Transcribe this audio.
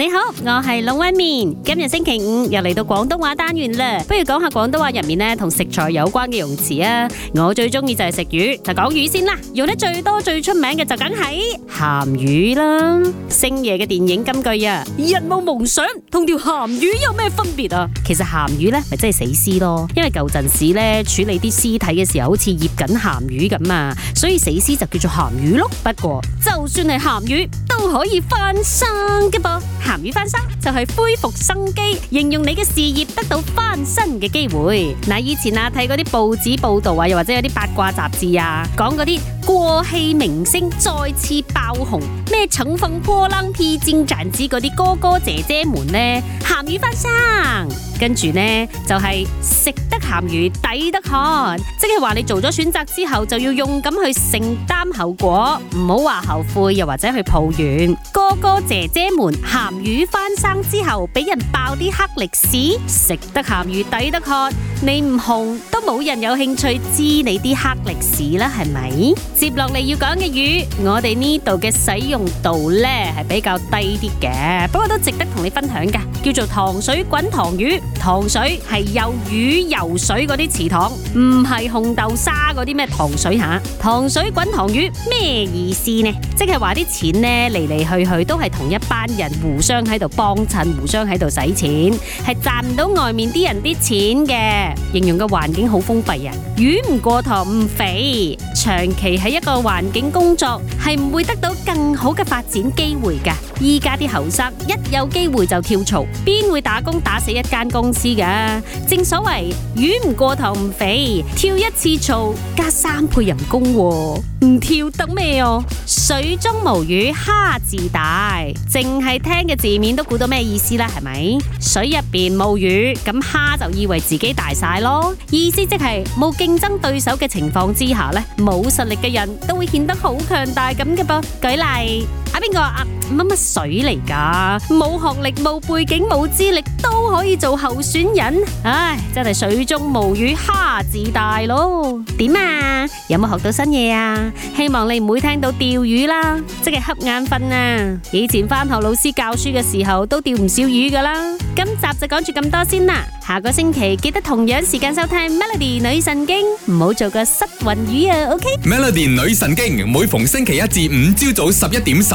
你好，我係龍紋敏。今日星期五又嚟到廣東話單元啦，不如講下廣東話入面咧同食材有關嘅用詞啊。我最中意就係食魚，就講魚先啦。用得最多、最出名嘅就梗係鹹魚啦。星爺嘅電影金句啊，人冇夢想同條鹹魚有咩分別啊？其實鹹魚咧，咪真係死屍咯。因為舊陣時咧處理啲屍體嘅時候，好似醃緊鹹魚咁啊，所以死屍就叫做鹹魚咯。不過就算係鹹魚，都可以翻身嘅噃。鹹魚翻身就係、是、恢復生機，形容你嘅事業得到翻身嘅機會。以前啊睇嗰啲報紙報道，又或者有啲八卦雜誌啊，講嗰啲。過氣明星再次爆紅，咩乘風破浪、披荊斬棘嗰啲哥哥姐姐們呢？鹹魚翻生，跟住呢就係食得鹹魚抵得渴，即係話你做咗選擇之後就要勇敢去承擔後果，唔好話後悔又或者去抱怨。哥哥姐姐們鹹魚翻生之後俾人爆啲黑歷史，食得鹹魚抵得渴。你唔紅都冇人有興趣知你啲黑歷史啦，係咪？接落嚟要講嘅魚，我哋呢度嘅使用度咧係比較低啲嘅，不過都值得同你分享嘅，叫做塘水滾塘魚。塘水係有魚游水嗰啲池塘，唔係紅豆沙嗰啲咩糖水吓。塘水滾塘魚咩意思呢？即係話啲錢呢嚟嚟去去都係同一班人互相喺度幫襯，互相喺度使錢，係賺唔到外面啲人啲錢嘅。形容嘅環境好封閉啊，魚唔過頭唔肥，長期喺一個環境工作係唔會得到更好嘅發展機會㗎。依家啲後生一有機會就跳槽，邊會打工打死一間公司㗎？正所謂魚唔過頭唔肥，跳一次槽加三倍人工，啊，唔跳得咩哦？水中無魚蝦自大，淨係聽嘅字面都估到咩意思啦？係咪水入邊冇魚，咁蝦就以為自己大？晒意思即係冇競爭對手嘅情況之下咧，冇實力嘅人都會顯得好強大咁嘅噃。舉例。阿邊個啊？乜乜水嚟噶？冇學歷、冇背景、冇資歷都可以做候選人？唉，真係水中無魚，蝦子大咯！點啊？有冇學到新嘢啊？希望你唔會聽到釣魚啦，即係瞌眼瞓啊！以前翻學老師教書嘅時候都釣唔少魚噶啦。今集就講住咁多先啦。下個星期記得同樣時間收聽 Melody 女神經，唔好做個失魂魚啊！OK？Melody 女神經每逢星期一至五朝早十一點十。